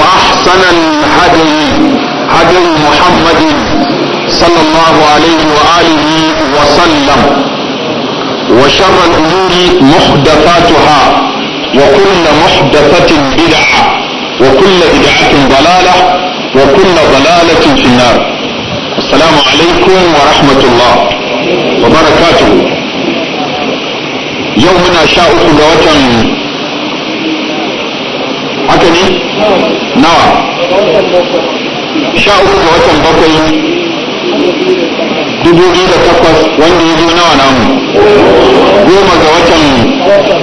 وأحسن الهدي هدي محمد صلى الله عليه وآله وسلم وشر الأمور محدثاتها وكل محدثة بدعة وكل بدعة ضلالة وكل ضلالة في النار السلام عليكم ورحمة الله وبركاته يومنا شاء لوتن haka ne nawa sha uku ga watan bakwai dubu biyu da takwas wanda ya zo nawa namu goma ga watan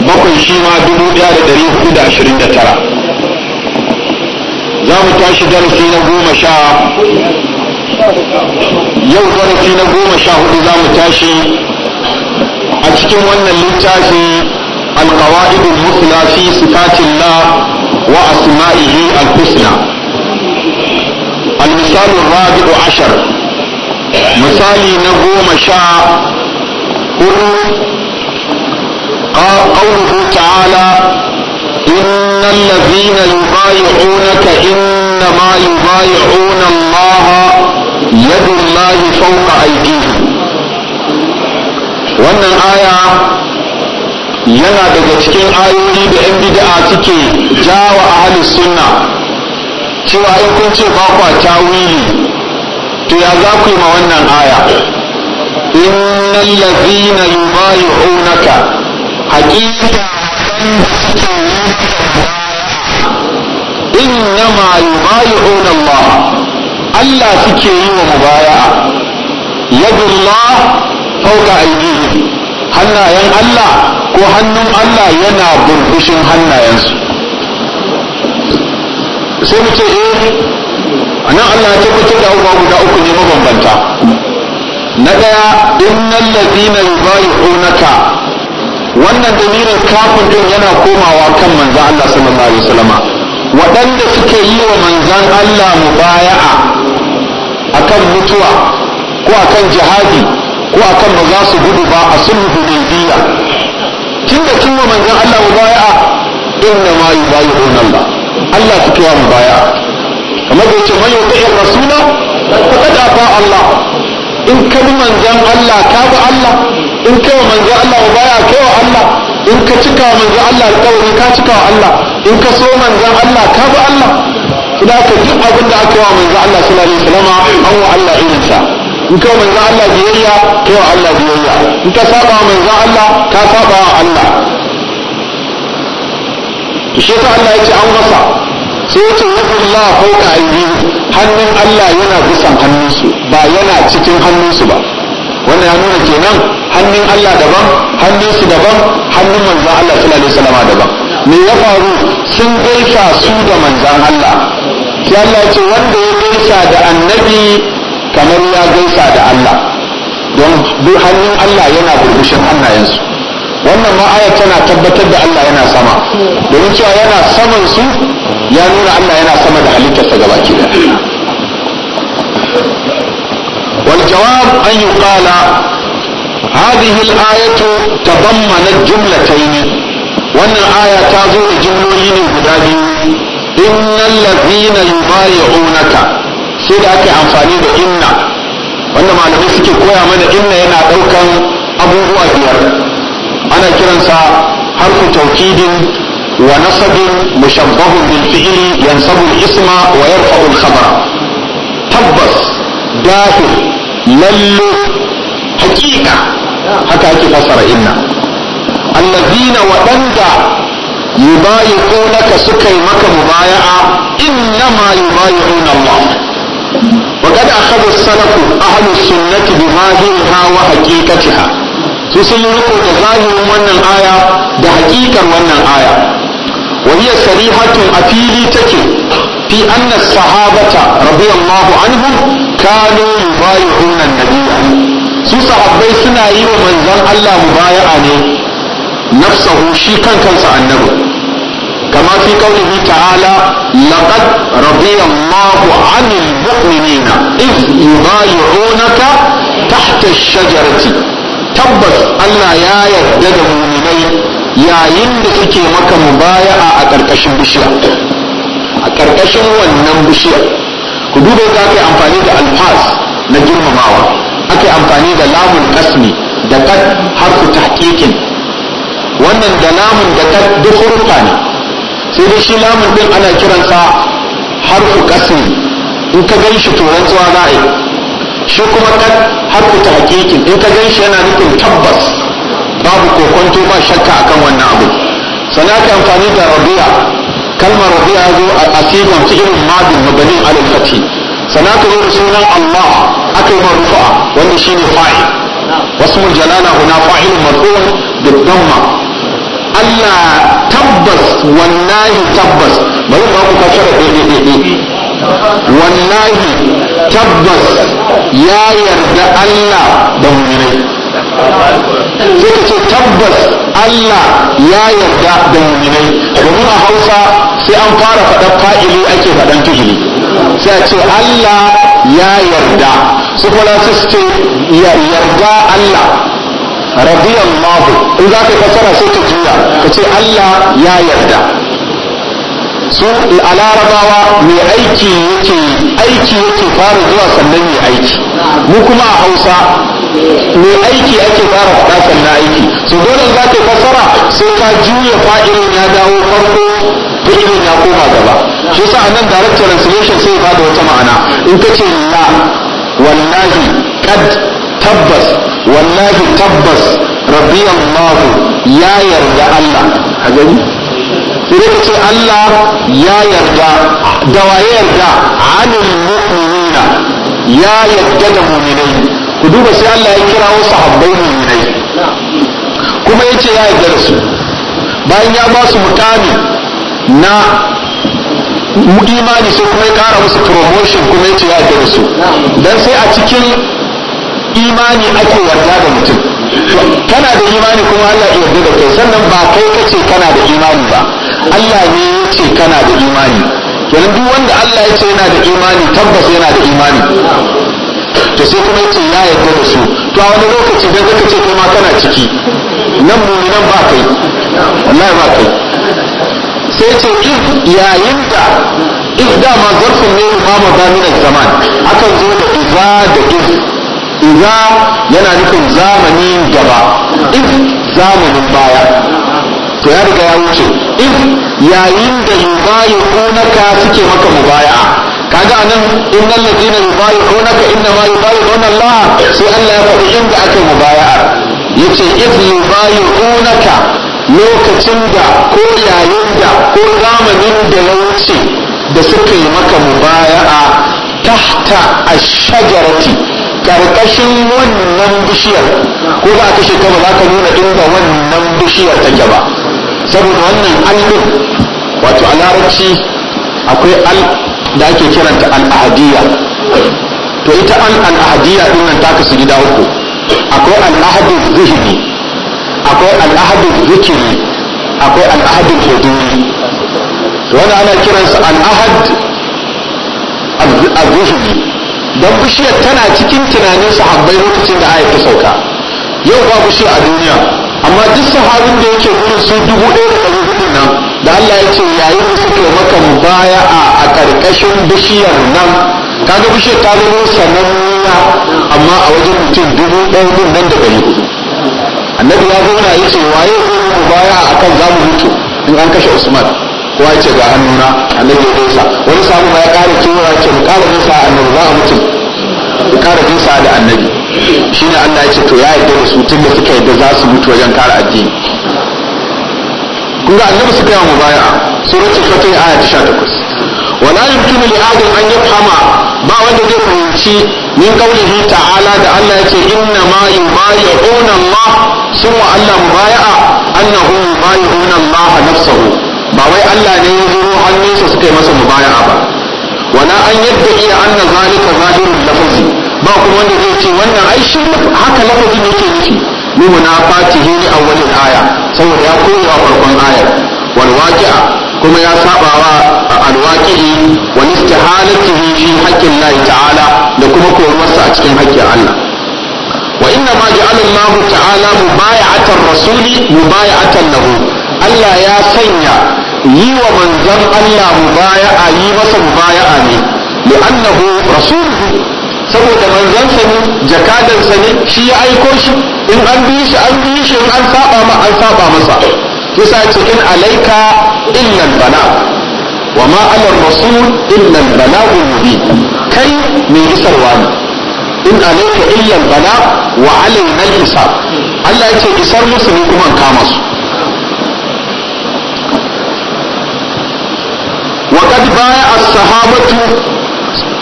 bakwai shi ma dubu ɗaya da ɗari hudu da ashirin da tara za mu tashi darasi na goma sha yau darasi na goma sha hudu za mu tashi a cikin wannan littafin littafi alkawa'idul musla fi sifatillah وأسمائه الحسنى المثال الرابع عشر مثالي نقوم شاء قوله تعالى إن الذين يبايعونك إنما يبايعون الله يد الله فوق أيديهم وأن الآية yana daga cikin ayoyi da 'yan bid'a suke jawa ahli sunna cewa in kun ce ba kwa wili to ya za ku yi ma wannan aya inna ladhina yubayi'unaka haqiqa innama yubayi'una Allah Allah suke yi wa mubaya'a yadullah fawqa aydihim hannayen Allah ko hannun Allah yana burbushin hannayensu sai mu ce eh nan Allah ya tabbatar da abubuwa guda uku ne mabambanta na ɗaya innan ladina yubayi'unaka wannan damirin kafin din yana komawa kan manzan Allah sallallahu alaihi waɗanda suke yi wa manzan Allah mubaya'a akan mutuwa ko akan jihadi ko a kan ba za su gudu ba a sulhu hudaybiya Kin da kin wa manzon Allah mubaya'a inna ma yubayi'un Allah Allah suke wa mubaya'a kamar da yace man yuti'ir rasula faqad afa Allah in ka bi manzon Allah ka bi Allah in ka wa manzon Allah wa mubaya'a kai wa Allah in ka cika wa manzon Allah alƙawari ka cika wa Allah in ka so manzon Allah ka bi Allah idan ka duk abin da aka wa manzon Allah sallallahu alaihi wasallam an wa Allah irinsa in kai manzo Allah biyayya kai wa Allah biyayya in ka saba wa manzo Allah ka saba wa Allah shi yasa Allah yace an wasa sai yace ko ka aydihim hannun Allah yana bisan hannunsu ba yana cikin hannunsu ba wannan ya nuna kenan hannun Allah daban hannunsu daban hannun manzo Allah sallallahu alaihi wasallam daban me ya faru sun gaisa su da manzan Allah sai Allah ce wanda ya gaisa da annabi kamar ya gaisa da Allah don duk hannun Allah yana burbushin hannayensu wannan ma ayat tana tabbatar da Allah yana sama domin cewa yana saman su ya nuna Allah yana sama da halittarsa gabaki da والجواب أن يقال هذه الآية تضمنت جملتين وأن الآية تازو جملة إن الذين يبايعونك sai da ake amfani da inna wanda malamai suke koya mana inna yana ɗaukan abubuwa biyar ana kiransa harfu taukidin wa nasabin mushabbahun bil fi'li yansabu isma wa yarfa'u al-khabara tabbas dahir lalle hakika haka ake fassara inna allazina waɗanda naka suka yi maka mubaya'a innama yubayi'una Allah وقد أخذ السلف أهل السنة بظاهرها وحقيقتها فسن ركو ظاهر من الآية بحقيقة من الآية وهي صريحة أفيلي تكي في أن الصحابة رضي الله عنهم كانوا يبايعون النبي su sahabbai suna yi wa manzon Allah mubaya'a ne nafsahu shi kan kansa annabi kama fi qawlihi ta'ala laqad radiya Allahu 'anil mu'minina iz yubayi'unaka tahta ash-shajarati tabbas Allah ya yarda da mu'minai yayin da suke maka mu baya a karkashin bishiya a karkashin wannan bishiyar ku duba yadda aka yi amfani da alfaz na girmamawa aka yi amfani da lamun kasmi da kad harfu tahqiqin wannan da lamun da kad duk ne sai dai shi lamun din ana kiransa harfu kasri in ka gan shi turan tsuwa za a yi shi kuma kan harfu ta hakikin in ka gan shi yana nufin tabbas babu kokonto ba shakka akan wannan abu sana ka amfani da rabiya kalmar rabiya zo a asiban irin madin mabanin alal fati sana ka zo da sunan Allah aka yi marufa wanda shine fa'il wasu jalala huna fa'ilun marfu'un bil damma Allah tabbas wallahi tabbas bari ba ku ka shara wallahi tabbas ya yarda Allah da mu'minai sai ka ce tabbas Allah ya yarda da mu'minai domin a Hausa sai an fara faɗan fa'ili ake faɗan fihili sai a ce Allah ya yarda su kuma su ce yarda Allah Mahu, in za ka fasara sai ka juya ka ce Allah ya yarda su a larabawa mai aiki yake aiki yake fara zuwa sannan mai aiki mu kuma a hausa mai aiki ake fara faɗa sannan aiki su dole za ka fasara sai ka juya fa'ilin ya dawo farko fi'ilin ya koma gaba shi a anan direct translation sai ba bada wata ma'ana in ka ce la wallahi kad tabbas wallahi tabbas radiyallahu ya yarda Allah a gani sai ce Allah ya yarda da wa yarda anil mu'minina ya yarda da mu'minai ku duba sai Allah ya kira wasu habbai mu'minai kuma yace ya yarda da su bayan ya ba su mutane na imani sai kuma ya kara musu promotion kuma ya ce ya da su dan sai a cikin imani ake yarda da mutum kana da imani kuma Allah ya yarda da kai sannan ba kai kace kana da imani ba Allah ne ya ce kana da imani yanzu duk wanda Allah ya ce yana da imani tabbas yana da imani to sai kuma ya ce ya yarda da su to a wani lokaci dan zaka ce kuma kana ciki nan mu nan ba kai wallahi ba kai sai ce yayin da if dama zarfin ne ma mabanin zaman akan zo da iza da if iza yana nufin zamani gaba if zamanin baya to ya riga ya wuce if yayin da yubayi'unaka suke maka mubaya kaga anan innal ladina yubayi'unaka inna ma don Allah sai Allah ya faɗi inda aka mubaya'a yace if naka lokacin da ko yayin da ko zamanin da ya wuce da suka yi maka mubaya'a tahta ash-shajarati karkashin wannan bishiyar ko ba ka shekara ba za ka nuna inda wannan bishiyar take ba saboda wannan allin wato a larabci akwai al da ake kiranta al'ahadiyya to ita an al'ahadiyya din nan ta kasu gida uku akwai al'ahadu zuhiri akwai al'ahadu zikiri akwai al'ahadu huduri to wanda ana kiransa al'ahad a don bishiyar tana cikin tunanin sahabbai lokacin da ayat ta sauka yau ba bishiyar a duniya amma duk sahabin da yake gurin su dubu ɗaya da ɗari hudu nan da Allah ya ce yayin da suke maka baya a ƙarƙashin bishiyar nan kaga bishiyar ta zama sananniya amma a wajen mutum dubu ɗaya din nan da ɗari hudu annabi ya zauna ya ce waye zai mu baya akan zamu mutu in an kashe Usman kowa ce ga hannuna annabi ya gaisa wani samu ma ya ƙara kewa ce mu ƙara a nan za a mutum mu ƙara gaisa da annabi shine Allah ya ce to ya yarda da su tun da suka yarda za su mutu wajen kare addini kuma annabi suka yi mubaya'a suratul fatih aya ta 18 wala yumkinu li adam an yafhama ba wanda zai fahimci min qawlihi ta'ala da Allah ya ce inna ma yubayi'una Allah sun wa Allah mubaya'a annahu yubayi'una Allah nafsahu ba wai Allah ne ya zuro hannunsa suka yi masa mubaya'a ba wala an yadda iya anna zalika zahirul lafazi ba kuma wanda zai ce wannan ai shi haka lafazin yake nufi li munafatihi a awwalil aya saboda ya koya farkon ayar wal waqi'a kuma ya saba wa alwaqi'i wa istihalatihi fi haqqin Allah ta'ala da kuma koruwarsa a cikin haƙƙin Allah wa inna ma ja'ala Allah ta'ala mubaya'atan rasuli mubaya'atan lahu Allah ya sanya yi wa manzan Allah mubaya'a yi masa mubaya'a ne li'annahu rasuluhu saboda manzon sa ne jakadan sa ne shi ya aiko shi in an bi shi an bi shi in an saba ma an saba masa Kisa ce in alaika illa bala wa ma ala rasul illa bala kai mai isarwa ne in alaika illa bana wa alaina al Allah ya ce isar musu ne kuma kama su وقد بايع الصحابة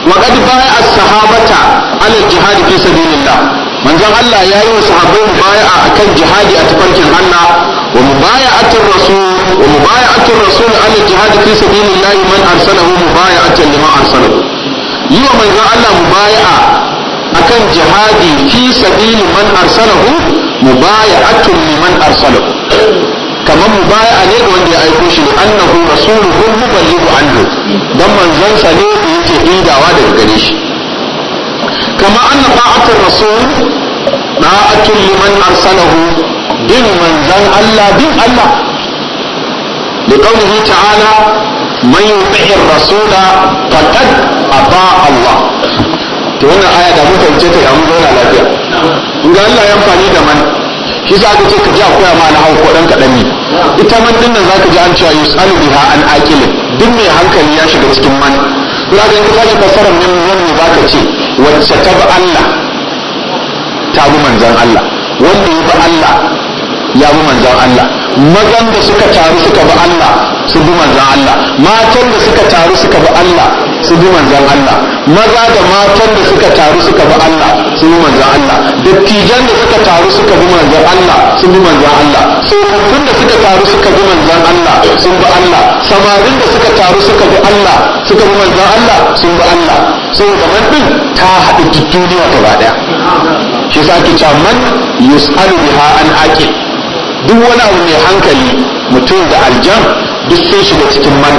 وقد بايع الصحابة على الجهاد في سبيل الله من زم الله يا أيها الصحابة مبايع أكن جهاد أتفرك الله ومبايعة الرسول ومبايعة الرسول على الجهاد في سبيل الله من أرسله مبايعة لما أرسله يوم من زم الله مبايعة أكن جهاد في سبيل من أرسله مبايعة لمن أرسله kamar mu baya ne ga wanda ya aiko shi ne annahu rasuluhu muballighu anhu dan manzansa ne da yake idawa daga gare shi kama na ta'atul rasul da'atul liman arsalahu bin manzan Allah bin Allah لقوله تعالى من يطع الرسول فقد أطاع Allah. to wannan aya da muka ce ta yamu zauna lafiya in ga Allah ya amfani da man shi za ka ce ka ji a koya ma na hau ko ɗan kaɗan ne ita man ɗin nan za ka ji an cewa yusalu biha an akilin duk mai hankali ya shiga cikin man to ka yanka sake fassarar min wannan za ka ce wacce ta bi Allah ta bi manzan Allah wanda ya bi Allah ya bi manzan Allah mazan da suka taru suka bi Allah su bi manzan Allah matan da suka taru suka bi Allah su bi manzan Allah maza da matan da suka taru suka bi Allah sun bi manzan Allah dattijan da suka taru suka bi manzan Allah sun bi manzan Allah tsofaffin da suka taru suka bi manzan Allah sun bi Allah samarin da suka taru suka bi Allah suka bi manzan Allah sun bi Allah sun man din ta haɗu duk duniya gaba ɗaya shi sa ake cewa man yus'alu biha an aqil duk wani abu mai hankali mutum da aljan duk sun shiga cikin man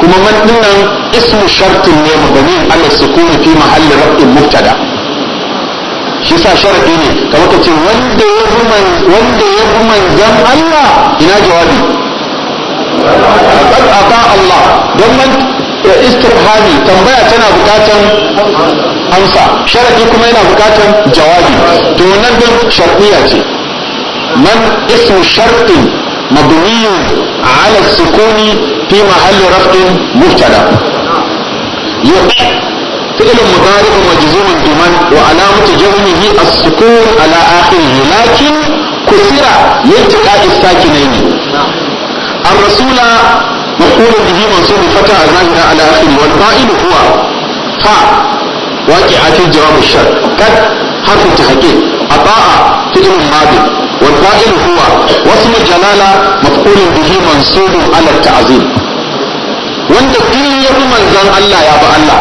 kuma man dinnan ismu shartin ne mabani ala sukuni fi mahalli rabbin mubtada shi sa sharadi ne kamar ka ce wanda ya bi man wanda ya bi manzan Allah ina jawabi qad ata Allah don man istirhami tambaya tana bukatan amsa sharadi kuma yana bukatan jawabi to nan din shartiya ce man ismu shartin mabni ala sukuni في محل رفض مبتدا يقع فعل مضارع مجزوم بمن وعلامة جزمه السكون على آخره لكن كسر لالتقاء الساكنين الرسول يقول به منصوب فتى ظاهرة على آخره والقائل هو فا واقعة جواب الشر قد حرف التحقيق أطاع فعل ماضي والقائل هو واسم الجلالة مفعول به منصوب على التعظيم وانت كل من زن الله يا ابا الله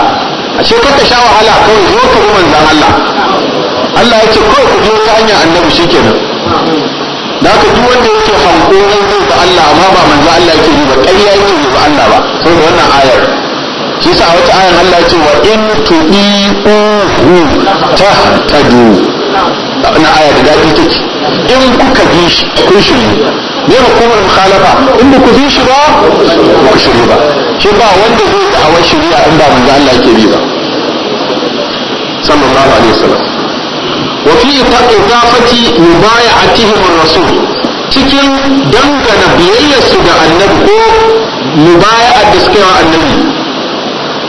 ashe ka sha wahala kawai zo ka bi manzan Allah Allah ya ce kawai ku biyo ta hanyar annabi shikenan da haka duk wanda yake hankorin zai ba Allah amma ba manzan Allah yake yi ba ƙarya yake yi ba Allah ba saboda wannan ayar shi sa wata ayar Allah ya ce wa in tu'i'uhu tahtadu na aya da daɗi take in kuka bi shi kun shiri ne ba kuma mukhalafa in ba ku bi shi ba ba ku shiri ba shi ba wanda zai da'awar shari'a in ba manzo Allah yake bi ba sallallahu alaihi wasallam wa fi idafati mubayatihim ar-rasul cikin dangana biyayyar su da annabi ko mubaya'ar da suka yi annabi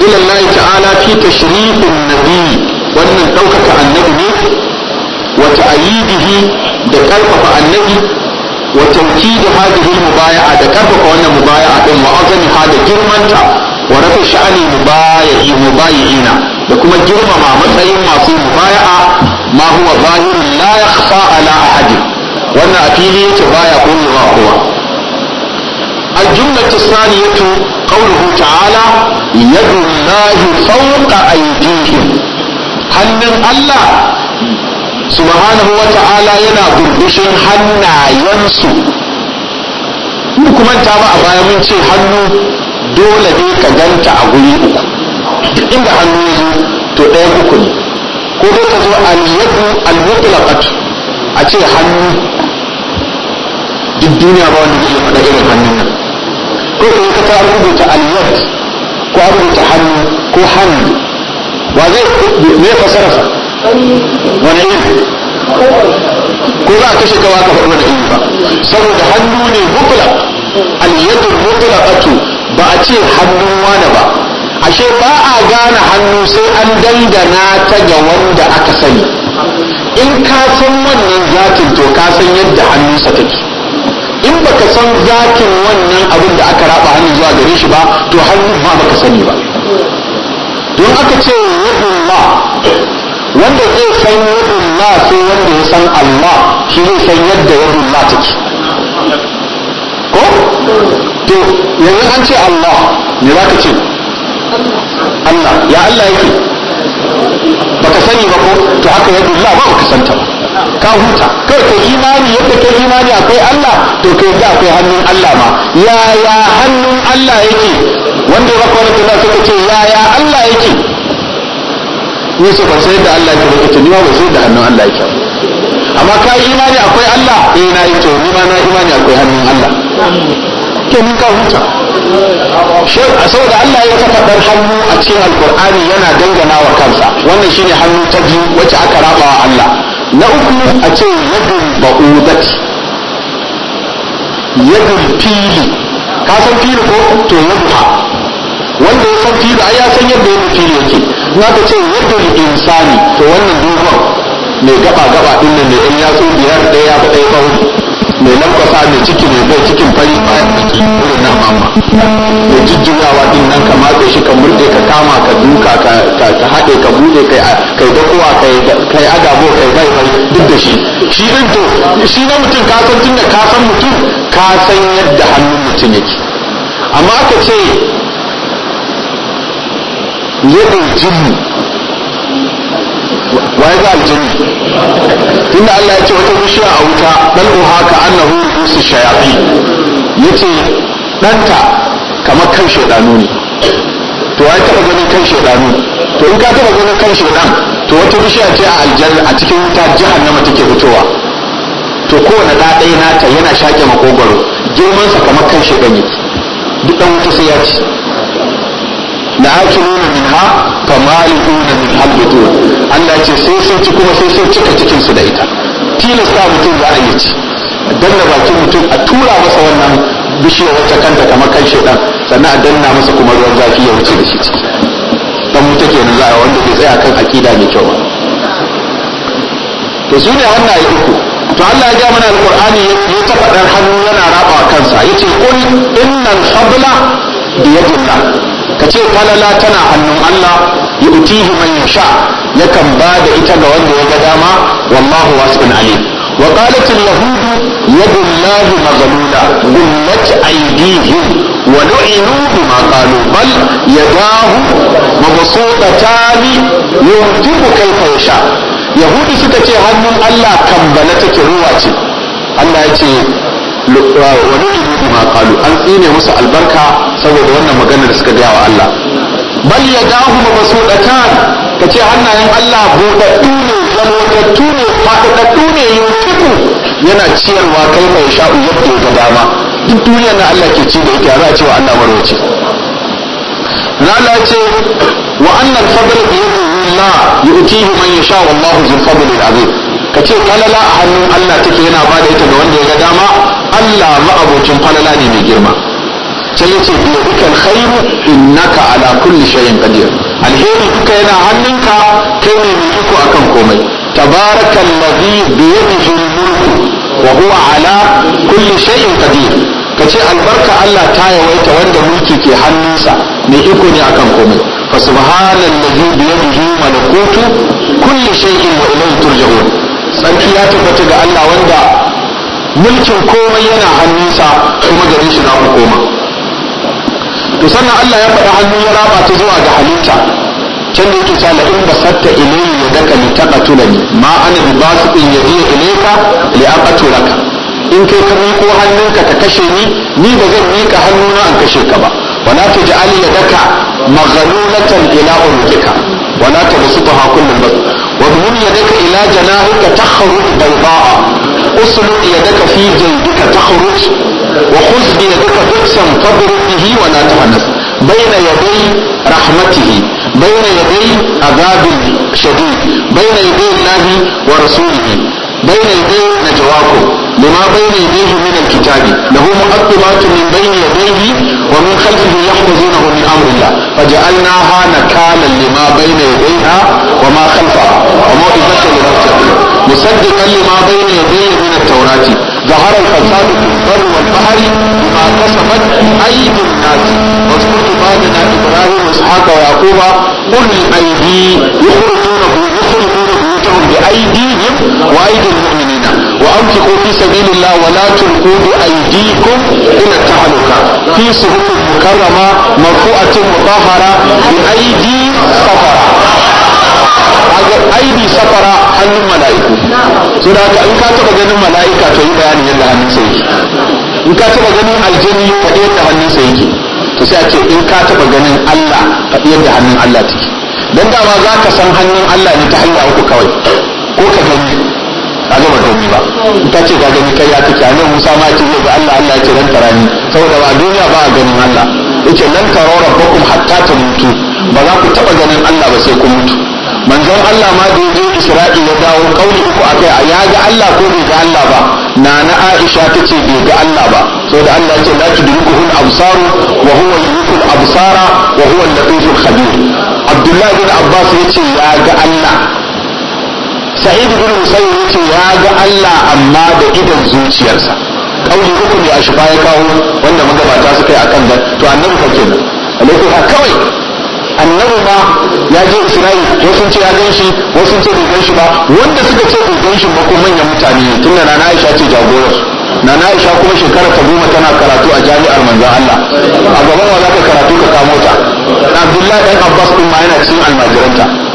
ila Allah ta'ala fi tashrifin nabi wannan daukaka annabi ne وتأييده بكرفة النبي وتوكيد هذه المبايعة بكرفة وأن مبايعة وعظم هذا جرمانتا ورفع شأن مبايعي مبايعين لكم الجرم مع مثل معصي مبايعة ما هو ظاهر لا يخفى على أحد وأن أكيد تبايع كل ما هو الجملة الثانية قوله تعالى يد الله فوق أيديهم من الله subhanahu wa ta'ala yana burbushin hannayensu mu kuma ta ba a baya mun ce hannu dole ne ka ganta a guri uku duk inda hannu ya zo to ɗaya uku ne ko ka zo al-yadu a ce hannu duk duniya ba wanda zai faɗa irin hannun nan ko kuma ka ta rubuta al ko rubuta hannu ko hannu wa zai ne sarrafa. wani iri ko za a kashe kawa ka faɗi wani iri ba saboda hannu ne hukula aliyyatun hukula ɓatu ba a ce hannun wani ba ashe ba a gane hannu sai an dangana ta ga wanda aka sani in ka san wannan zatin to ka san yadda hannunsa take in baka san zatin wannan abin da aka raba hannu zuwa gare shi ba to hannun ma baka sani ba don aka ce yadda wanda zai san yadda ma sai wanda ya san Allah shi zai san yadda yadin ma take ko to yanzu an ce Allah me za ka ce Allah ya Allah yake baka sani ba ko to haka yadda Allah ba ka santa ka huta kai ka imani yadda ka imani akwai Allah to ka yadda akwai hannun Allah ma ya ya hannun Allah yake wanda ya bakwai wani kuma suka ce ya ya Allah yake Yusuf ba sai da Allah ke ba ce ni ma ba sai da hannun Allah yake amma ka yi imani akwai Allah eh na yi to ni ma na imani akwai hannun Allah ke mun ka huta a saboda Allah ya dan hannu a cikin alqur'ani yana dangana wa kansa wannan shine hannu ta biyu wacce aka raba wa Allah na uku a ce yadin ba'udati yadin fili ka san fili ko to yadin wanda ya san da a ya san yadda ya filo yake na ta ce yadda insani to wannan dogon mai gaba gaba din nan mai yan yatsu biyar ɗaya ya fi ɗaya tsawo mai lankwasa mai ciki mai bai cikin fari bayan ke wurin na mama mai jijjigawa din nan ka matse shi ka murɗe ka kama ka duka ka haɗe ka buɗe kai dakowa kai agabo kai bai bai duk da shi shi din to shi na mutum ka san da ka san mutum ka san yadda hannun mutum yake amma aka ce yadda jini wa ga aljini tunda Allah ya ce wata bishiya a wuta dan uha ka annahu rusu shayafi yace danta kamar kan shedanu ne to ai taba ganin kan shedanu to in ka taba ganin kan shedan to wata bishiya ce a aljanna a cikin wuta jahannama take fitowa to kowane da ɗaya nata yana shaƙe makogwaro girmansa kamar kan shedan yake duk dan wuta sai ya ci la akiluna minha fa malikuna min halbutu Allah ce sai sun ci kuma sai sun cika cikin su da ita tilasta mutum za a yi ci danna bakin mutum a tura masa wannan bishiyar wacce kanta kamar kan shedan sannan a danna masa kuma ruwan zafi ya wuce da shi ciki dan mu take nan za a wanda bai tsaya kan akida mai kyau ba to su ne hannaye uku to Allah ya ga mana alqur'ani ya ta fadar hannu yana raba kansa yace qul innal fadla biyadillah ka ce falala tana hannun Allah yu'tihi man yasha yakan ba da ita ga wanda ya ga dama wallahu wasi'un alim wa qalat al-yahud yadu llahi maghlula gullat aydihim wa lu'inu bima qalu bal yadahu mabsuṭatan yunfiqu kayfa yasha yahudi suka ce hannun Allah kambala take ruwa ce Allah ya ce ma qalu an tsine musu albarka saboda wannan magana da suka gaya wa Allah bal yadahu mabsudatan kace hannayen Allah buɗaɗɗu ne zalwatattu ne faɗaɗɗu ne yunfiku yana ciyarwa kai mai sha'u yadda ga dama duk duniya na Allah ke ci da yake za a ce wa Allah marwaci Allah ce wa annal fadla bi yadillah yu'tihi man yasha wallahu zul fadli al azim ka ce falala a hannun Allah take yana ba da ita ga wanda ya ga dama Allah ma'abocin falala ne mai girma sai yace bi dukkan khairu innaka ala kulli shay'in qadir alheri duka yana hannunka kai ne mai iko akan komai tabarakallazi bi yadihi mulku wa huwa ala kulli shay'in qadir ce albarka Allah ta yawaita wanda mulki ke hannunsa mai iko ne akan komai fa subhanallazi bi yadihi malakutu kulli shay'in wa ilayhi turja'un tsarki ya tabbata ga Allah wanda mulkin komai yana hannunsa kuma gare shi na to sannan Allah ya faɗa hannu ya raba ta zuwa ga halitta can da yake cewa la in basatta ilayya yadaka li ni ma ana bi basitin yadiya ilayka li ka. in kai ka miko hannunka ka kashe ni ni ba zan miƙa hannuna an kashe ka ba wala taj'al yadaka maghlulatan ila unuka wala tabsutaha kullal bast واضمم يدك إلى جناحك تخرج بيضاء أسلق يدك في جلدك تخرج وخذ بيدك بئسا فاضرب به ولا تحنث بين يدي رحمته بين يدي عذاب شديد بين يدي الله ورسوله بين يدي نجواكم لما بين يديه من الكتاب له مؤقبات من بين يديه ومن خلفه يحفظونه من امر الله فجعلناها نكالا لما بين يديها وما خلفها وموعظة للمتقين مصدقا لما بين يديه من التوراة ظهر الفساد في البر والبحر بما كسبت ايدي الناس واذكر عبادنا ابراهيم واسحاق ويعقوب قل الايدي يخرجون بيوتهم بايديهم وايدي المؤمنين وأنفقوا في سبيل الله ولا تلقوا بأيديكم إلى التهلكة في صحف مكرمة مرفوعة مطهرة بأيدي سفرة aidi safara hannun mala'iku so da haka in ka taba ganin mala'ika to yi bayanin yadda hannun sa yake in ka taba ganin ka faɗi da hannun sa yake to sai a ce in ka taba ganin Allah ka faɗi da hannun Allah take dan dama za ka san hannun Allah ne ta hanya uku kawai ko ka gani Ka zama gani ba ta ce ka gani kai ya kake a musa ma ce zai ga allah allah ya ce nan tarani saboda ba duniya ba a ganin allah yace nan taro rabbakum hatta tamutu ba za ku taba ganin allah ba sai ku mutu manzon allah ma da yaje isra'i ya dawo kauli uku akai a ya ga allah ko bai ga allah ba na aisha ta ce bai ga allah ba saboda allah ya ce la tudrikuhul absaru wa huwa yudrikul absara wa huwa al-latiful khabir abdullahi bin abbas yace ya ga allah Sa'idu ibn musayyib yace ya ga Allah amma da idan zuciyarsa kauli uku ne a shifa kawo wanda magabata suka yi akan da to annabi fa kenan alaihi ha kawai annabi ma ya je isra'i wasu ce ya gan shi wasu sun ce bai gan shi ba wanda suka ce bai gan shi ba ko manyan mutane ne tunda nana aisha ce jagorar nana aisha kuma shekara ta goma tana karatu a jami'ar manzon Allah a gaban wa za ka karatu ka kamo ta abdullahi dan abbas kuma yana cikin almajiranta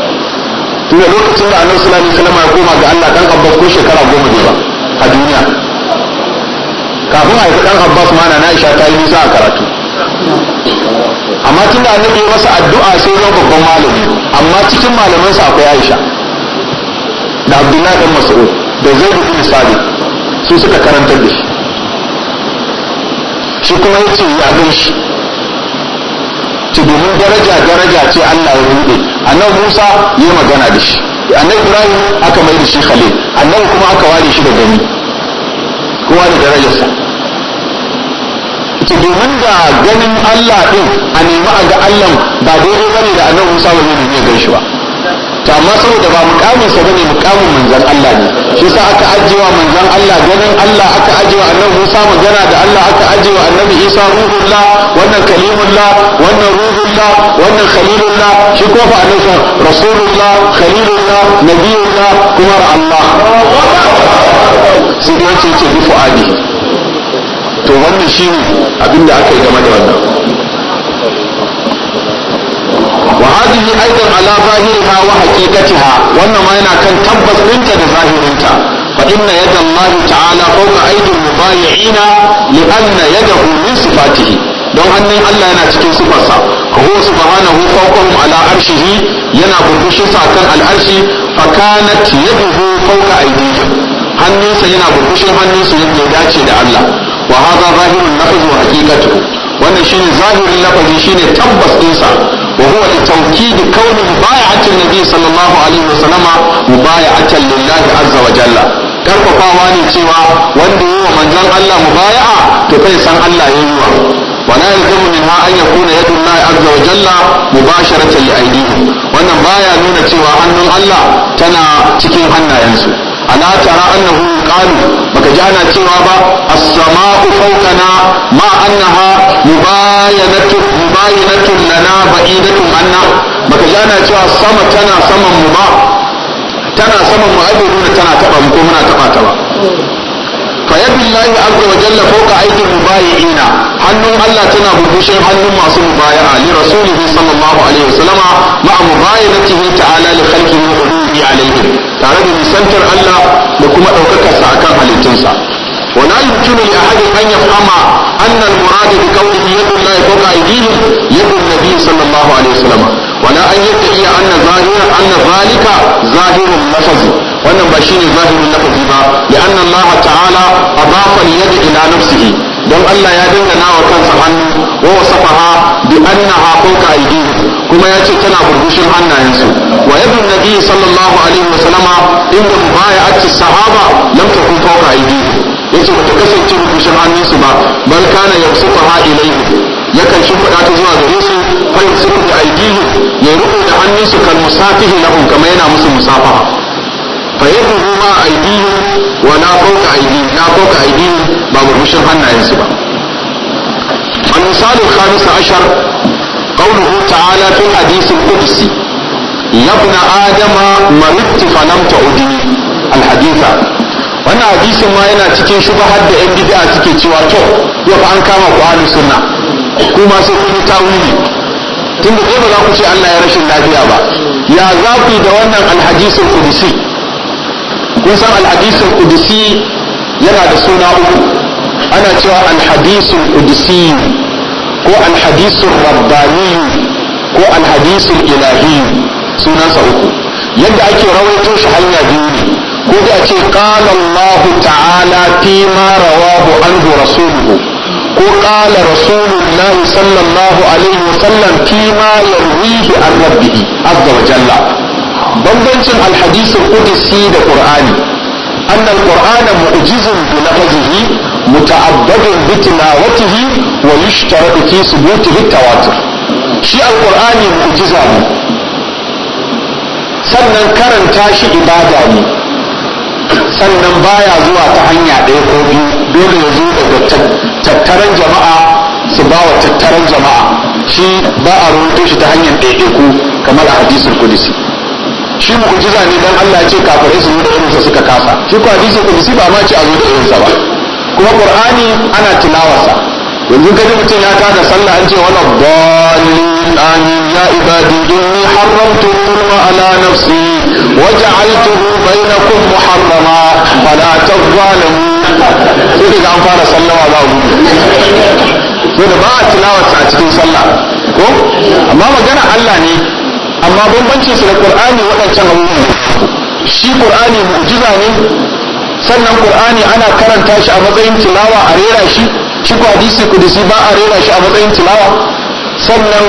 tunda lokacin da annabi sallallahu alaihi wasallam ya koma ga Allah dan Abbas ko shekara goma ne ba a duniya kafin a yi dan Abbas ma na Aisha ta yi nisa a karatu amma da annabi ya masa addu'a sai ya babban malami amma cikin sa akwai Aisha da Abdullahi dan Mas'ud da Zaid bin Sabit su suka karantar da shi shi kuma yace ya gan shi to domin daraja daraja ce Allah ya buɗe nan Musa ya magana da shi nan Ibrahim aka mai da shi khalil nan kuma aka ware shi da gani kowa da darajarsa to domin da ganin Allah din a nemi a ga Allah ba daidai bane da annabi Musa ba ne ya gaishe ba to amma saboda ba mukamin sa bane mukamin manzon Allah ne shi yasa aka ajiyewa manzon Allah ganin Allah aka ajiyewa annabi Musa magana da Allah aka ajiyewa annabi Isa ruhullah wannan kalimullah wannan ruhullah wannan khalilullah shi ko fa annabi rasulullah khalilullah nabiyullah kuma Allah sai dai ce ce bi fuadi to wannan shi abinda aka yi game da wannan wa hadhihi aidan ala zahiriha hakikati haqiqatiha wannan ma yana kan tabbas ɗinta da zahirinta fa inna yada Allah ta'ala fawqa aidil mubayi'ina li anna yadahu min sifatihi don hannun Allah yana cikin sifarsa ka huwa subhanahu fawqahum ala arshihi yana burbushin sa kan al'arshi fa kanat yaduhu fawqa aydihim hannunsa yana burbushin hannunsu yadda ya dace da Allah wa hadha zahirun lafzu haqiqatu wannan shine zahirin lafazi shine tabbas dinsa وهو لتوكيد كون مبايعة النبي صلى الله عليه وسلم مبايعة لله عز وجل karfafawa ne cewa wanda yi wa manzan Allah mubaya'a to kai san Allah ya yi wa yanzu yalzamu minha an yakuna yadda Allah azza wa jalla mubasharatan li aydihim wannan baya nuna cewa hannun Allah tana cikin hannayensu ala tara annahu qalu baka ji ana cewa ba as-sama'u fawqana ma annaha mubayanatu mubayanatu lana ba'idatun anna baka ji ana cewa sama tana saman mu ba tana saman mu ai dole tana taba mu ko muna taba ta ba fa yadullahi azza wa jalla fawqa aydil mubayi'ina hannun Allah tana burbushin hannun masu mubaya'a li rasulihi sallallahu alaihi wasallama ma'a mubayanatihi ta'ala li khalqihi wa tare da nisantar Allah da kuma ɗaukakarsa akan halittunsa ولا يمكن لأحد أن يفهم أن المراد بكونه يد الله فوق أيديهم يد النبي صلى الله عليه وسلم ولا أن يدعي أن ظاهر أن ذلك ظاهر اللفظ وأن بشير ظاهر اللفظ لأن الله تعالى أضاف اليد إلى نفسه don Allah ya dinga nawa kansa hannu wa wasafaha bi annaha fawqa aydihim kuma ya ce tana burbushin hannayensu wa yadu nabi sallallahu alaihi wa sallama inda mubayati sahaba lam takun fawqa aydihim yace bata kasance burbushin hannunsu ba bal kana yabsutuha ilayhi yakan shimfiɗa ta zuwa gare su fa yabsutu bi aydihim ya rufe da hannunsu kan musafihi lahum kamar yana musu musafaha fa ma aydihim wa na fawqa aidi na fawqa aidi ba burbushin hannayensu ba ta'ala fi hadith al-qudsi ya ibn القدسي ma ابن fa lam ta'udi al-haditha wannan hadisin ma yana cikin shubahar da yan bid'a suke cewa to yau an kama ku ahlus sunna kuma sai ku tawili tunda ba za ku ce Allah ya rashin lafiya ba ya za ku da wannan al qudsi kun san alhadisul qudusi yana da suna uku ana cewa alhadisul qudusi ko alhadisul rabbani ko alhadisul ilahi sunansa uku yadda ake rawaito shi hanya biyu ne ko da ce qala Allah ta'ala fi ma rawahu anhu rasuluhu ko qala rasulullahi sallallahu alaihi wasallam fi ma yarwihi an rabbihi azza wa jalla bambancin alhadisu ƙudisi da qur'ani anna alqur'ana mu'jizun bi lafzihi muta'abbadun bi tilawatihi wa yushtaratu fi subutihi tawatur shi alƙur'ani mu'ujiza ne sannan karanta shi ibada ne sannan baya zuwa ta hanya ɗaya ko biyu dole ya zo daga tattaran jama'a su bawa wa tattaran jama'a shi ba a rawaito shi ta hanyar ɗaiɗaiku kamar a hadisul kudisi shi mu'jiza ne dan Allah ya ce kafirai su da irinsa suka kasa shi ko hadisi ko bisi ba ma ce a zo da irinsa ba kuma qur'ani ana tilawarsa yanzu ka ji mutum ya kada sallah an ce wala dalil an ya ibadi inni haramtu dhulma ala nafsi waja'altuhu bainakum muharrama fala tadhalamu sai daga an fara sallama ba mu to da ba a tilawarsa a cikin sallah ko amma magana Allah ne amma bambanci su da qur'ani waɗancan abubuwa. shi qur'ani mu'jiza ne sannan qur'ani ana karanta shi a matsayin tilawa a rera shi shi ko hadisi kudisi ba a rera shi a matsayin tilawa sannan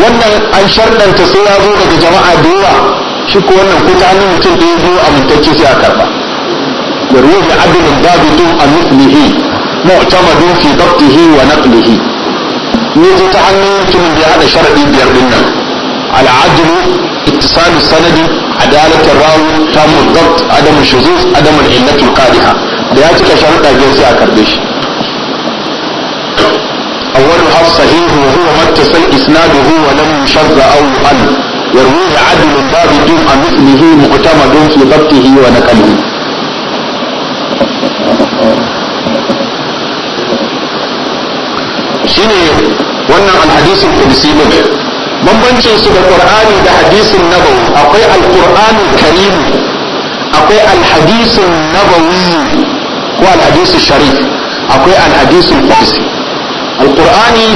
wannan an sharɗanta sai ya zo daga jama'a da yawa shi ko wannan ko ta hannun mutum da ya zo amintacce sai a karɓa da ruhi adilin dabidun a nuklihi mu'tamadun fi dabtihi wa naqlihi ne ta hannun mutumin da ya haɗa sharaɗi biyar ɗin nan العدل اتصال السند عدالة الراوي تام الضبط عدم الشذوذ عدم العلة القادحة بياتك شرطة جنسية كرديش أولها الصحيح وهو ما اتصل إسناده ولم يشذ أو يقل يرويه عدل ضابط عن مثله مقتمد في ضبطه ونقله شنو wannan alhadisin القدسي ne bambancin su da qur'ani da hadisin nabawi akwai alqur'anu karim akwai alhadisin nabawi ko alhadisin sharif akwai alhadisin qudsi alqur'ani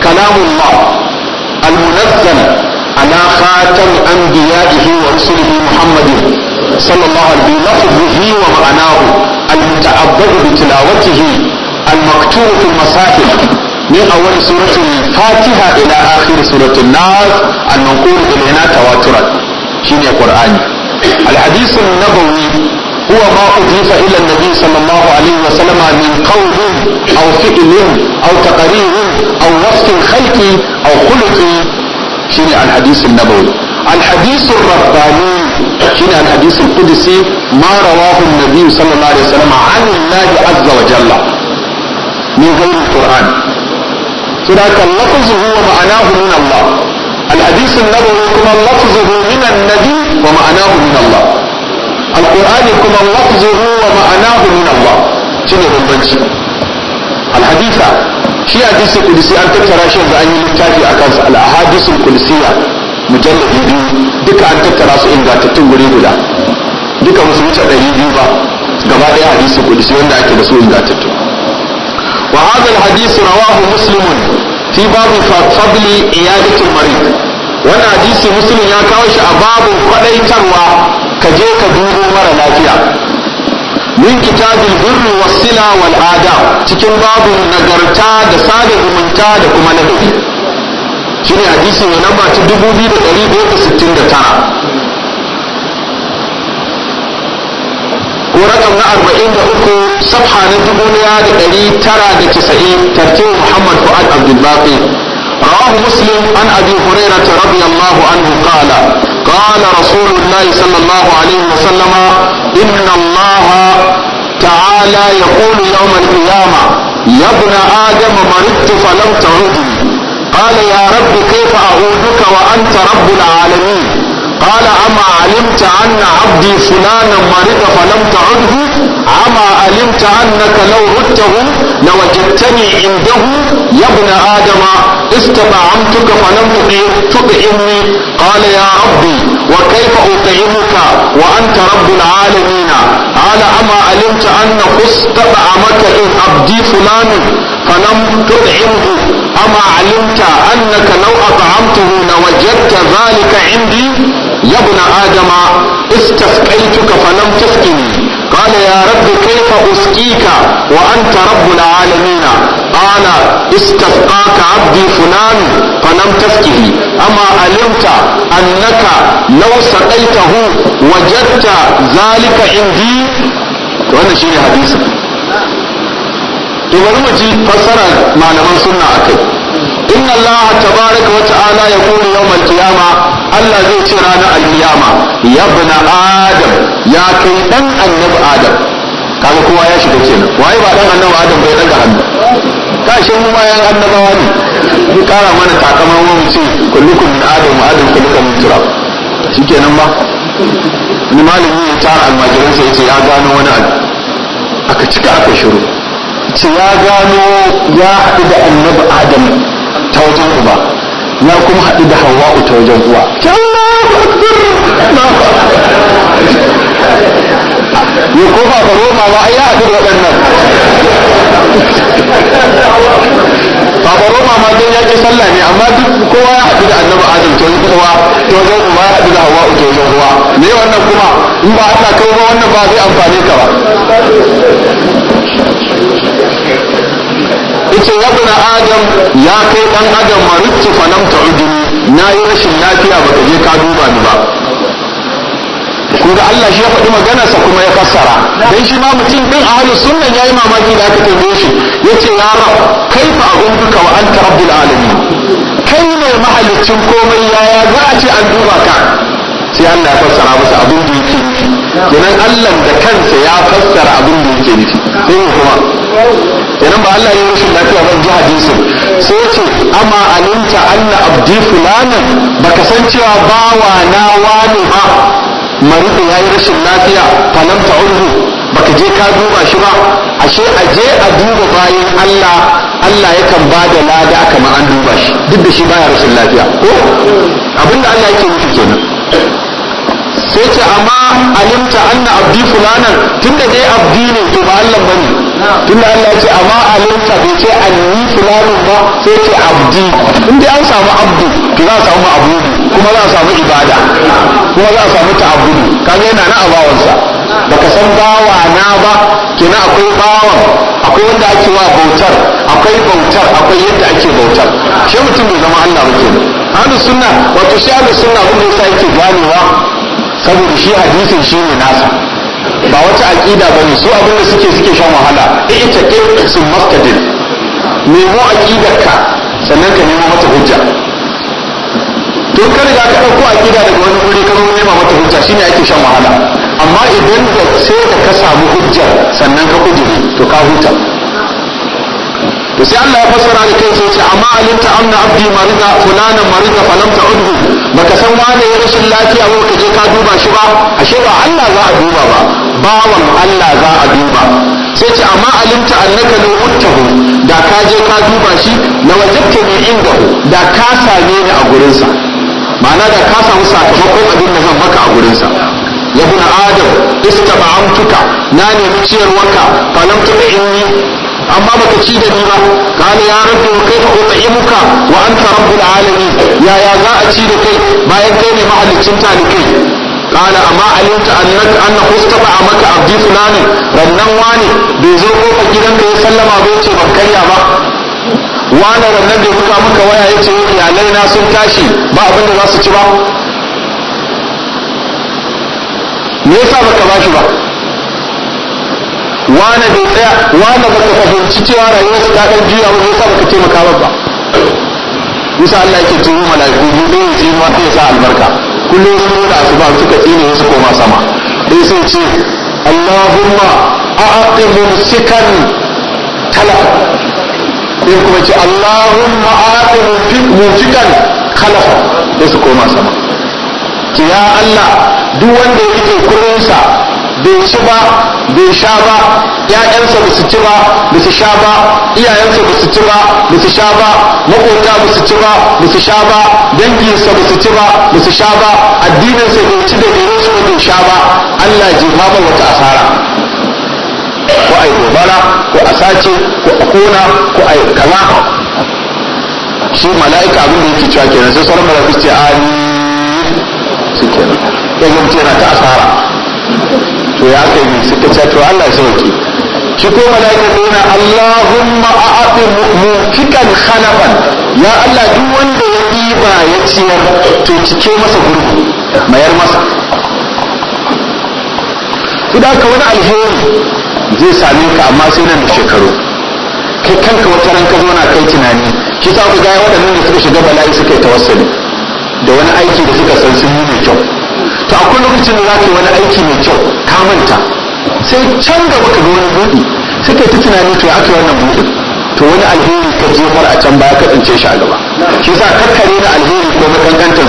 kalamullah ala المنزل على خاتم أنبيائه ورسله محمد صلى الله عليه بلفظه ومعناه المتعبد بتلاوته المكتوب fi المصاحف من أول سورة الفاتحة إلى آخر سورة الناس المنقول إلينا تواترا شين القرآن الحديث النبوي هو ما أضيف إلى النبي صلى الله عليه وسلم من قول أو فعل أو تقرير أو وصف خلق أو خلقي شين الحديث النبوي الحديث الرباني شين الحديث القدسي ما رواه النبي صلى الله عليه وسلم عن الله عز وجل من غير القرآن فذاك اللفظ هو معناه من الله الحديث النبوي كما لفظه من النبي ومعناه من الله القرآن كما لفظه ومعناه من الله شنو بنبنشي الحديث shi hadisul kulisi an tattara shan yanzu an yi littafi a kansa al-ahadisul kulisiya mujalladi biyu duka an tattara su ingantattun guri guda duka musu wuce ɗari biyu ba gaba ɗaya kulisi wanda ake da su وهذا الحديث رواه مسلم في باب فضل عيادة المريض وانا حديث مسلم يا كاوش أباب فضل تروى كجيك دوبو مرة لافيا من كتاب البر والصلة والآداب تكن باب نجرتا دسالة ومنتا دكما لدي شنو حديث نمبر 2569 ورقم نعم أربعين أكو صفحة ندبونيا لألي ترى لتسعين ترتيب محمد فؤاد عبد الباقي رواه مسلم عن أبي هريرة رضي الله عنه قال قال رسول الله صلى الله عليه وسلم إن الله تعالى يقول يوم القيامة يا ابن آدم مرضت فلم تعودني قال يا رب كيف أعودك وأنت رب العالمين قال أما علمت أن عبدي فلانا مرض فلم تعده أما علمت أنك لو عدته لوجدتني عنده يا ابن آدم استطعمتك فلم تطعمني قال يا ربي وكيف أطعمك وأنت رب العالمين قال أما علمت أنه استطعمك إن أبدي فلان فلم تطعمه أما علمت أنك لو أطعمته لوجدت ذلك عندي يا ابن آدم استسقيتك فلم تسقني قال يا رب كيف أسقيك وأنت رب العالمين قال استسقاك عبدي فلان فلم تسقه أما علمت أنك لو سقيته وجدت ذلك عندي وأنا شيء حديث إذا bari mu معنى من malaman أكيد inna Allah tabaraka wata ala ya kuri yau mai Allah zai ce ranar alkiyama ya bina adam ya kai dan annabi adam kaga kowa ya shiga kenan waye ba dan annabi adam bai daga hannu kashin mu ma yan annabawa ne mu kara mana takaman mu ce kullukum min adam wa adam kullukum min turab shikenan ba ni malami ya tara almajiransa yace ya gano wani abu aka cika aka shiru ya gano ya haɗu da annabi adam Kuma haɗu da hawa'u ta wajen uwa yi ko ba ka roma ba ai ya haɗu waɗannan ba ka roma ma don yaƙi sallah ne amma duk kowa ya haɗu da annabi adam ta wajen uwa ta wajen uwa ya haɗu da hawa'u ta wajen uwa me wannan kuma in ba Allah kai ba wannan ba zai amfane ka ba yace ya buna adam ya kai dan adam marittu fa lam ta'udni na yi rashin lafiya baka je ka duba ni ba ko da Allah shi ya faɗi maganarsa kuma ya fassara dan shi ma mutum din ahlus sunna yayi mamaki da aka tambaye shi yace ya rab kaifa aghunduka wa anta rabbul alamin kai ne mahalicin komai yaya za a ce an duba ka sai Allah ya fassara masa abin da yake nufi kenan Allah da kansa ya fassara abin da yake nufi sai kuma Yanan ba Allah ya yi rashin lafiya ba ji hadisin sai ce amma alinta anna abdi fulanan baka san cewa bawa na wani ba mariɗi ya yi rashin lafiya falam ba ka je ka duba shi ba ashe a je a duba bayan Allah Allah yakan ba da lada kamar an duba shi duk da shi baya rashin lafiya ko abinda Allah yake nufi kenan sai ce amma alimta anna abdi fulanan tunda dai abdi ne to ba Allah bane tunda Allah ce amma alimta bai ce yi fulanun ba sai ce abdi in dai an samu abdu to za a samu abu kuma za a samu ibada kuma za a samu ta'abbudu kaga yana na abawansa baka san bawa na ba kina akwai bawan akwai wanda ake wa bautar akwai bautar akwai yadda ake bautar shi mutum bai zama Allah ba kenan ahlus sunna wato shi ahlus sunna abin yasa yake ganewa saboda shi hadisin shi ne nasa ba wata aƙida ba ne su abinda suke suke shan wahala ita ke sun mastadin nemo aƙidarka sannan ka nemo mata hujja to ka riga ka ɗauko aƙida daga wani wuri ka nemo mata hujja shine ake shan wahala amma idan da sai da ka samu hujja sannan ka kujiri to ka huta to sai Allah ya fassara da kai sai ce amma alinta anna abdi marida fulana marida falam ta'udhu baka san wane ya rashin lafiya ko ka je ka duba shi ba ashe ba Allah za a duba ba bawan Allah za a duba sai ce amma alimta annaka la uttahu da ka je ka duba shi na wajadta ne inda da ka same ni a gurin sa ma'ana da ka samu sakamakon abin da zan maka a gurin sa ya bin adam istaba'amtuka na nemi ciyarwarka falam tuba inni amma baka ci da ni ba kana ya rabbi wa kaifa ut'imuka wa anta rabbul alamin ya ya za a ci da kai bayan kai ne mahallicin talikai kana amma alinta annaka anna kustaba maka abdi fulani wannan wani bai zo ko gidan ka ya sallama ba ce ban karya ba wani wannan bai buka maka waya ya ce iyalai na sun tashi ba abin da za su ci ba me yasa baka ba shi ba wane bai tsaya wane baka fahimci cewa rayuwar su ta dan juya ba yasa baka taimaka ba Musa Allah yake turo mala'iku mu ne ya tsima sai ya sa albarka kullum sun da asuba suka tsine su koma sama dai sai ce Allahumma a'aqib mumsikan kala sai kuma ce Allahumma a'aqib mumsikan kala sai su koma sama ki ya Allah duk wanda yake kurinsa bai ci ba bai sha ba ƴaƴansa ba su ci ba ba su sha ba iyayensa ba su ci ba ba su sha ba maƙota ba su ci ba ba su sha ba danginsa ba su ci ba ba su sha ba addininsa bai ci da gare su ba bai sha ba Allah jefa ba wata asara ko ai gobara ko a sace ko a kona ko ai kaza shi mala'ika abin da yake cewa kenan sai sauran mala'iku su a ni su kenan yanzu yana ta asara to ya kai yi suka ce to Allah ya sauki ki ko malaika na Allahumma a'ati mu'minan khalafan ya Allah duk wanda ya ɗiba ya ciyar to cike masa gurbi mayar masa idan ka wani alheri zai same ka amma sai nan da shekaru kai kanka wata ranka zo na kai tunani shi sa ku ga waɗannan da suka shiga bala'i suka yi da wani aiki da suka san sun yi mai kyau to akwai lokacin da za ka yi wani aiki mai kyau ka manta sai can gaba ka ga wani buɗi sai ta tunani to ya aka wannan buɗi to wani alheri ka jefar a can baya ka tsince shi a gaba shi yasa kakkare na alheri ko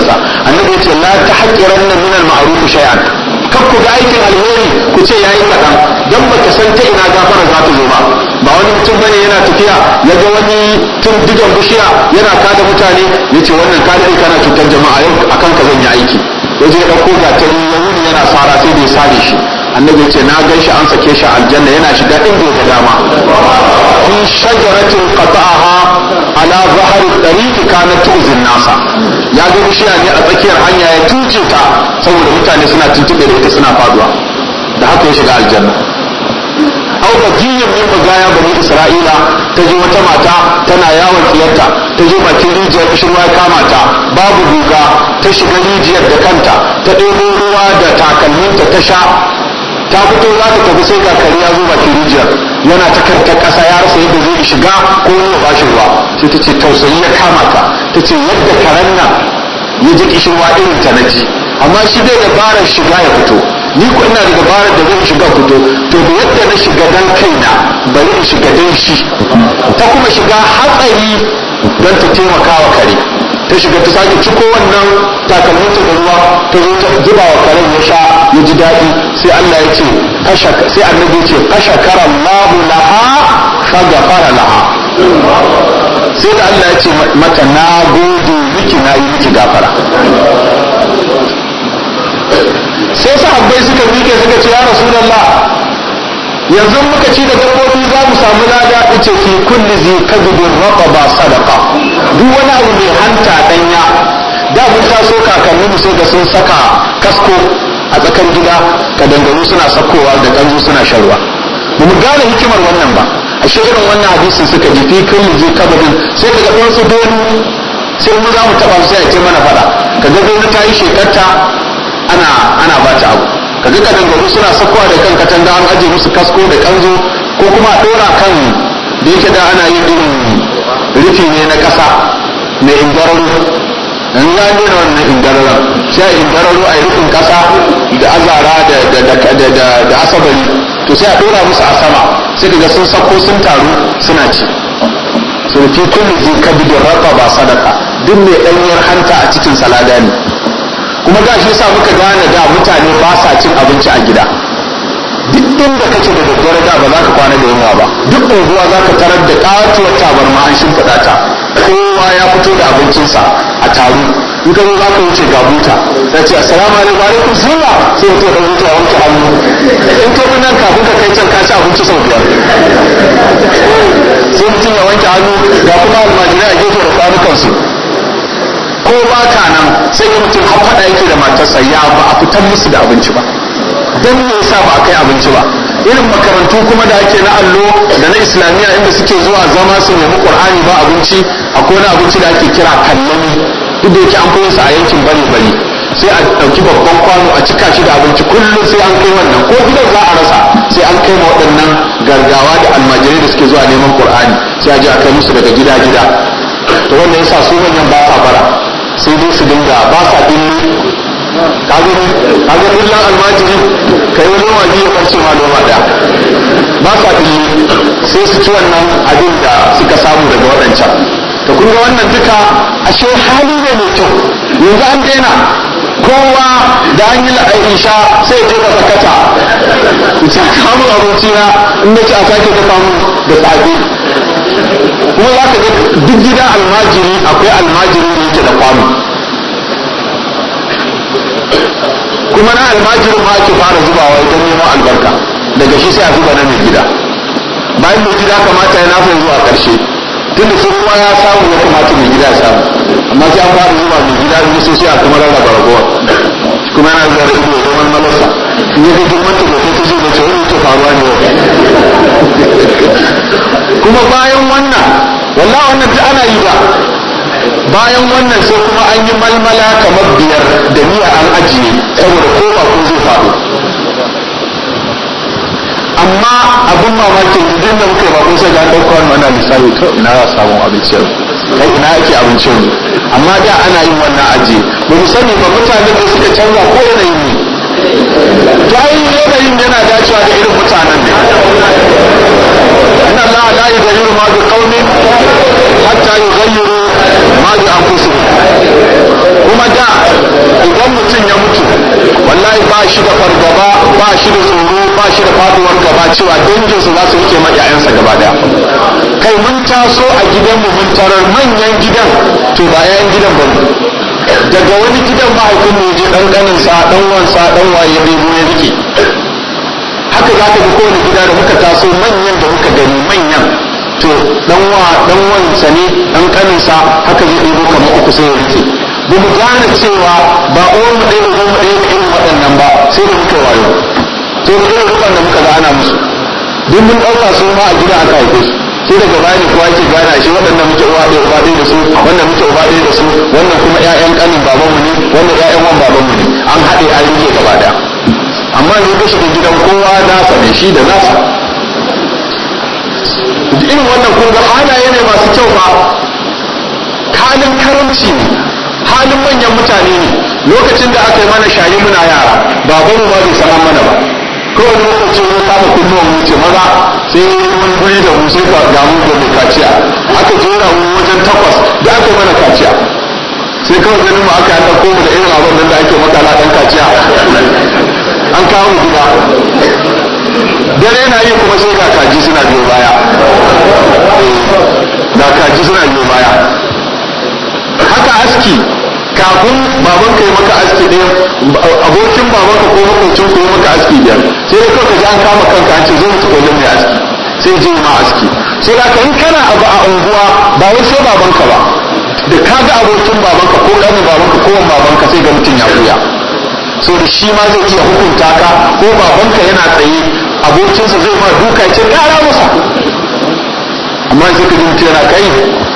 sa annabi ya ce la ta haƙiran na minal ma'arufu shay'an kan ku ga aikin alheri ku ce yayi kaɗan don ba ka san ta ina gafara za ta zo ba ba wani mutum bane yana tafiya ya ga wani tun digan bishiya yana kada mutane ya ce wannan kada kana cutar jama'a yau akan ka zan yi aiki ya je ɗauko gatari ya wuni yana sara sai bai sare shi annabi ce na gan shi an sake shi aljanna yana shiga inda ya dama fi shajaratin qata'aha ala zahar tariq kana tuzin nasa ya ga bishiya ne a tsakiyar hanya ya tuce ta saboda mutane suna tuntube da ita suna faduwa da haka ya shiga aljanna au jiyan min bagaya bani isra'ila ta je wata mata tana yawon tsiyarta ta ji bakin rijiyar kishirwa ya kama ta babu guga ta shiga rijiyar da kanta ta ɗebo ruwa da takalminta ta sha ta fito za ta tafi sai ga kariya ya zo rijiyar yana ta karta ƙasa ya rasa yadda zai shiga ko ya ba shi ruwa sai ta ce tausayi ya kama ta ta ce yadda karen nan ya ji kishirwa irin ta na ji amma shi dai dabarar shiga ya fito ni ko ina da dabarar da zai shiga fito to da yadda shiga shi ta kuma shiga hatsari don ta taimaka wa kare ta shiga ta sake ciko wannan takalminta da ruwa ta zo ta zuba wa karen ya sha ya ji daɗi sai Allah ya ce sai annabi ya ce kasha kara Allahu laha fara laha sai da Allah ya ce mata na gode miki na yi miki gafara sai sahabbai suka miƙe suka ce ya rasulullah yanzu muka ci da dabbobi za mu samu lada ita fi kulli zai kadubin raba ba sadaka duk wani abu mai hanta danya da mun taso kakanni mu sai da sun saka kasko a tsakan gida ka dangane suna sakowa da kanzu suna sharwa ba mu gane hikimar wannan ba a shekarun wannan hadisin suka ji fi kulli zai kadubin sai daga ɗan su doni sai mu za mu taɓa sai a ce mana faɗa ka ga ta yi shekarta ana bata abu ka ji kadangaru suna sakwa da kan da an aje musu kasko da kanzo ko kuma dora kan da yake da ana yin irin rufi ne na kasa mai ingararo in ga nuna wannan ingararo sai ingararo a yi rufin kasa da azara da asabari to sai a dora musu a sama sai daga sun sako sun taru suna ci sulfi kuma zai kabi da rafa ba sadaka duk mai ɗanyar hanta a cikin salada ne kuma ga shi sa muka gane da mutane ba sa cin abinci a gida duk inda kake da daddare da ba za ka kwana da yunwa ba duk unguwa za ka tarar da katuwar tabarma an shimfiɗa ta kowa ya fito da abincinsa a taru in ka zo za ka wuce ga buta na ce assalamu alaikum alaikum zuwa sai mutum ya wuce a wanke hannu in ka nan kafin ka kai can ka ci abinci sau biyar sai mutum ya wanke hannu ga kuma almajirai a gefe da kwanukansu ko ba ka nan sai mutum an faɗa yake da matarsa ya ba a fitar musu da abinci ba don me yasa ba a kai abinci ba irin makarantu kuma da ake na allo da na islamiyya inda suke zuwa zama su nemi qur'ani ba abinci akwai wani abinci da ake kira kallami duk da yake an koyo sa a yankin bari bari sai a ɗauki babban kwano a cika shi da abinci kullum sai an kai wannan ko gidan za a rasa sai an kai ma waɗannan gargawa da almajirai da suke zuwa neman qur'ani sai a je a kai musu daga gida gida to wannan yasa su manyan ba sa bara sai dai su dinga ba sa dinni kaga kaga almajiri kai wani waje ya farce ma noma da ba sa dinni sai su ci wannan abin da suka samu daga waɗancan to kun ga wannan duka ashe hali ne mai kyau yanzu an daina kowa da an yi sha sai je ka kata ita kamun abinci na in na ci a sake dafa mu da tsage kuma za ka ga duk gida almajiri akwai almajiri da yake da kwano kuma na almajiri ma ake fara zubawa idan nemo albarka daga shi sai a zuba na mai gida bayan mai gida kamata ya nafa zuwa karshe tunda su kuma ya samu ya kamata mai gida ya samu amma sai an fara zuba mai gida ne sai sai a kuma rarraba ragowa kuma yana zuwa da ido zaman malasa in ya ga duk ta da ta ce da ce wani ke faruwa ne wa. kuma bayan wannan wallahi wannan ta ana yi ba bayan wannan sai kuma an yi malmala kamar biyar da niyya an ajiye saboda ko ba ko zai faru amma abin mamakin idan da muka yi ba kusa da ɗauka wani wannan misali to ina za abinci kai ina ake abinci amma da ana yin wannan ajiye ba mu sani ba mutane da suka canza ko yanayin ne ta yi yanayin yana dacewa da irin mutanen ne inna Allah la yughayyiru ma bi qaumin hatta yughayyiru ma bi anfusihim kuma da idan mutum ya mutu wallahi ba shi da fargaba ba shi da tsoro ba shi da faduwar gaba cewa su za su rike ma 'ya'yansa gaba daya kai mun taso a gidanmu mun tarar manyan gidan to ba 'ya'yan gidan ba daga wani gidan mahaifin ne je dan kanin sa dan wansa dan waye bai zo ya rike haka za ka ga kowane gida da muka taso manyan da muka gani manyan to dan wa dan wansa ne dan kanin sa haka zai ɗebo kamar uku sai ya rike ba mu gane cewa ba uwan mu ɗaya uwan mu ɗaya irin waɗannan ba sai da muke wayo to irin rukun da muka ga ana musu duk mun ɗauka su ma a gida aka haife su sai daga bani kuwa ke gana shi Waɗannan muke uwa ɗaya uba ɗaya da su wannan muke uba ɗaya da su wannan kuma ƴaƴan ƙanin babanmu ne wannan ƴaƴan wan babanmu ne an haɗe a yi gaba ɗaya amma ne ka shiga gidan kowa nasa ne shi da nasa irin wannan kun ga halaye ne masu kyau ba halin karamci ne halin manyan mutane ne lokacin da aka yi mana shayi muna yara babanmu ba bai san mana ba kawai lokacin ya kama kunnuwan mu ce maza sai wani guri da mu sai ga mu da mai kaciya aka jera mu wajen takwas da aka mana kaciya sai kawai ganin mu aka yada komu da irin abin da ake makala dan kaciya an kawo gida dare na yi kuma sai ga kaji suna biyo baya eh, ga kaji suna biyo baya haka aski kafin baban ka yi maka aski ɗaya abokin baban ka ko makwabcin ko maka aski biyar sai ka ka ji an kama kanka an ce zo mutu wajen mai aski sai ji ma aski sai da ka in kana abu a unguwa ba wai sai baban ka ba da ka ga abokin baban ka ko ƙanin baban ka ko baban ka sai ga mutum ya buya so da shi ma zai iya hukunta ka ko baban ka yana tsaye abokinsa zai ma duka ya ce ƙara masa amma sai ka ji mutum yana kai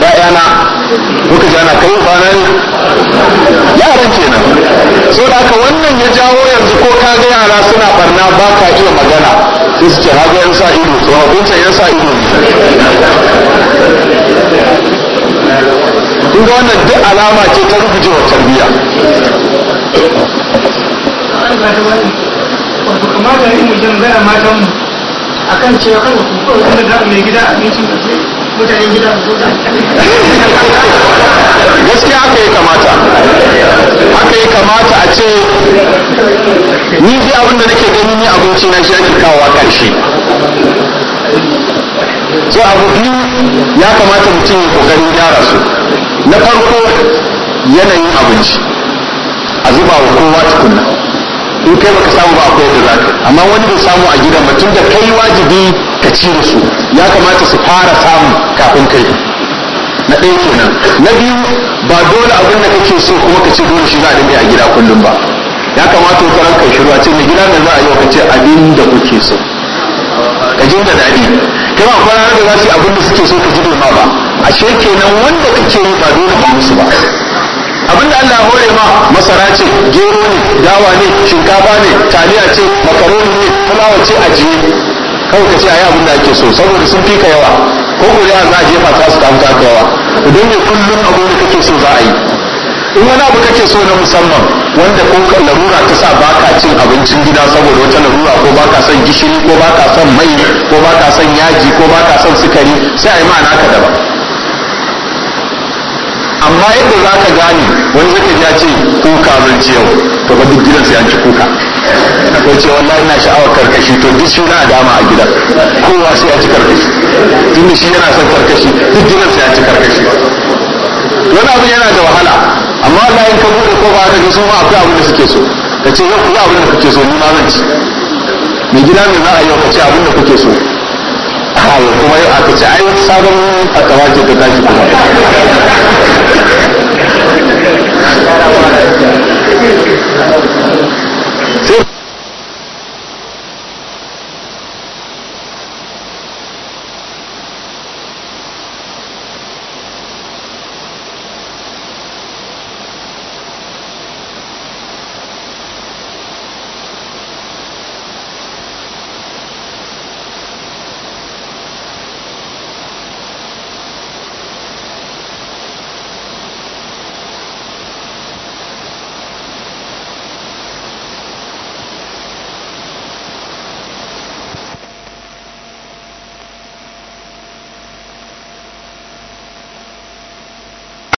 ƴaƴana muka ji ana kai kwana ne yaran kenan so da haka wannan ya jawo yanzu ko ka ga yara suna barna ba ka iya magana sai su ce haga yan sa ido so hukunta ya sa ido kun ga wannan duk alama ce ta rubujewa tarbiyya kamata yi mu jin gaya matan mu akan cewa kan ku kawai kuma da mai gida abincin da gaskiya haka ya kamata haka ya kamata a ce ni dai abin da nake gani ni abinci na shi ake kawo karshe so abu biyu ya kamata mutum ya kokarin gyara su na farko yanayin abinci a zuba wa kowa tukunna in kai baka samu ba akwai da zaka amma wani bai samu a gidan ba tunda kai wajibi ka ci da su ya kamata su fara samu kafin kai na ɗaya kenan na biyu ba dole abin da kake so kuma ka ce dole shi za a dinga a gida kullum ba ya kamata ka ranka ya shiru a ce mai gida da za a yi wa kace abin da kuke so ka jin da daɗi kai ba kwana da za su abin da suke so ka ji ma ba ashe kenan wanda kake yi ba dole ba musu ba abinda Allah ya hore ma masara ce gero ne dawa ne shinkafa ne taliya ce makaroni ne fulawa ce ajiye kawai ka ce ayi abin da ake so saboda sun fi ka yawa ko ko da za a jefa ta su ta ka yawa idan ne kullum abu da kake so za a yi in wani abu kake so na musamman wanda ko larura ta sa baka cin abincin gida saboda wata larura ko baka son gishiri ko baka son mai ko baka son yaji ko baka son sukari sai a yi ma'ana ka daban amma yadda za ka gane wani zaka ya ce kuka mun ce yau to ba duk sai ya ci kuka ko ce wallahi ina sha'awar karkashi to duk shi na dama a gidan kowa sai ya ci karkashi tunda shi yana son karkashi duk sai ya ci karkashi wani abu yana da wahala amma Allah in ka bude ba ka ga su ma akwai abin da suke so ka ce yau kuma abin da kuke so ni ma zan ci mai gida mai za a yau ka ce abin da kuke so kawo kuma yau aka ce ai wata sabon fatawa ce ta tashi kuma sai